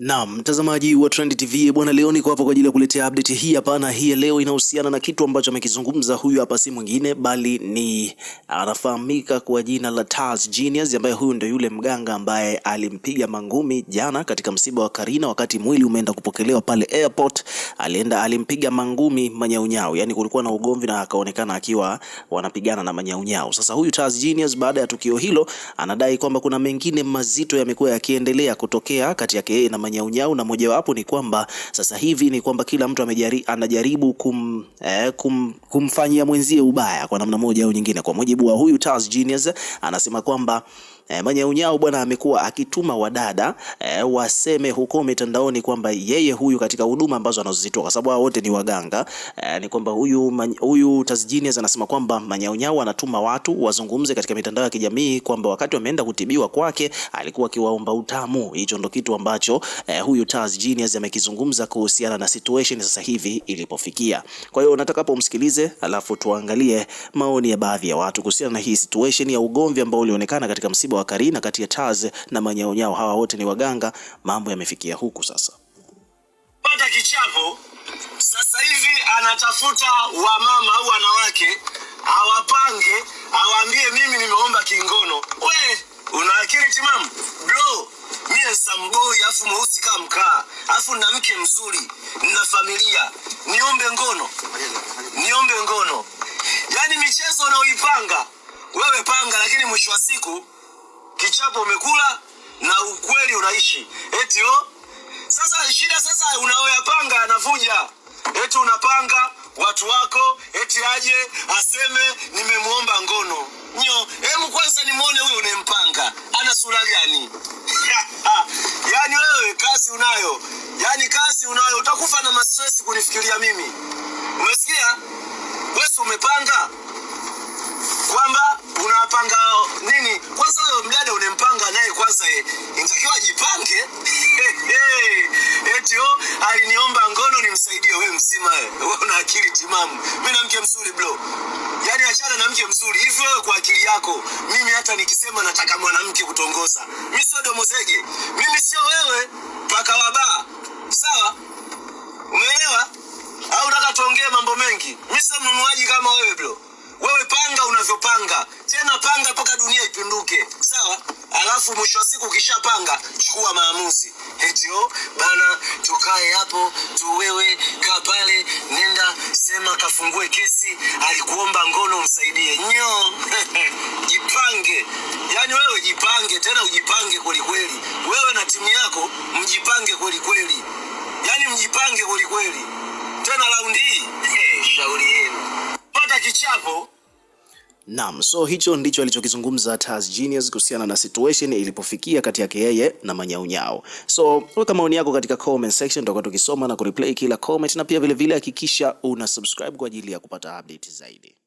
Naam, mtazamaji wa Trend TV bwana, leo niko hapa kwa ajili ya kuletea update hii hapa, na hii leo inahusiana na kitu ambacho amekizungumza huyu hapa, si mwingine bali ni anafahamika kwa jina la Taz Genius, ambaye huyu ndio yule mganga ambaye alimpiga mangumi jana katika msiba wa Karina, wakati mwili umeenda kupokelewa pale airport, alienda alimpiga mangumi manyaunyao, yani kulikuwa na ugomvi na akaonekana akiwa wanapigana na manyaunyao. Sasa huyu Taz Genius baada ya tukio hilo anadai kwamba kuna mengine mazito yamekuwa yakiendelea kutokea kati yake na manyaunyau, na mojawapo ni kwamba sasa hivi ni kwamba kila mtu amejari, anajaribu kum, eh, kum, kumfanyia mwenzie ubaya kwa namna moja au nyingine. Kwa mujibu wa huyu Taz Genius anasema kwamba Eh, e, Manyaunyahu bwana amekuwa akituma wadada eh, waseme huko mitandaoni kwamba yeye huyu katika huduma ambazo anazozitoa kwa sababu wote ni waganga eh, ni kwamba huyu man, huyu Tazgenius anasema kwamba Manyaunyahu anatuma watu wazungumze katika mitandao ya kijamii kwamba wakati wameenda kutibiwa kwake alikuwa akiwaomba utamu. Hicho ndo kitu ambacho eh, huyu Tazgenius amekizungumza kuhusiana na situation sasa hivi ilipofikia. Kwa hiyo nataka hapo umsikilize, alafu tuangalie maoni ya baadhi ya watu kuhusiana na hii situation ya ugomvi ambao ulionekana katika msiba wa Karina kati ya Taz na manyao nyao hawa wote ni waganga. Mambo yamefikia huku sasa, pata kichapo sasa hivi anatafuta wamama au wanawake awapange, awaambie mimi nimeomba kingono. We una akili timamu bro? mimi Mie samgoi afu mweusi kama mkaa afu na mke mzuri na familia, niombe ngono? Niombe ngono? Yaani michezo unaoipanga wewe panga, lakini mwisho wa siku chapo umekula na ukweli unaishi. Eti o oh, Sasa shida sasa unaoyapanga anavuja. Eti unapanga watu wako eti aje aseme nimemwomba ngono. Nyo, hebu kwanza nimuone huyo unempanga. Ana sura gani? Yaani wewe kazi unayo. Yaani kazi unayo utakufa na mastress kunifikiria mimi. Umesikia? Wewe umepanga kwamba unapanga nini? Kwa aliniomba ngono nimsaidie. Wewe mzima wewe, una akili timamu? Mimi na mke mzuri bro, yani achana na mke mzuri hivi. Wewe kwa akili yako, mimi hata nikisema nataka mwanamke kutongoza, mimi sio domozege, mimi sio wewe paka waba sawa? Umeelewa au unataka tuongee mambo mengi? Mimi sio mnunuaji kama wewe bro. Wewe panga unavyopanga, tena panga mpaka dunia ipinduke, sawa? Alafu mwisho wa siku ukishapanga, chukua maamuzi eti ambaye hapo tu wewe, kaa pale, nenda sema kafungue kesi, alikuomba ngono, msaidie nyo. Jipange yani, wewe jipange tena, ujipange kwelikweli, wewe na timu yako mjipange kwelikweli, yani mjipange kwelikweli, tena raundi Hey, eh, shauri yenu, pata kichapo. Naam, so hicho ndicho alichokizungumza Taz Genius kuhusiana na situation ilipofikia kati yake yeye na Manyaunyao. So weka maoni yako katika comment section, tutakuwa tukisoma na kureplay kila comment, na pia vilevile hakikisha una subscribe kwa ajili ya kupata update zaidi.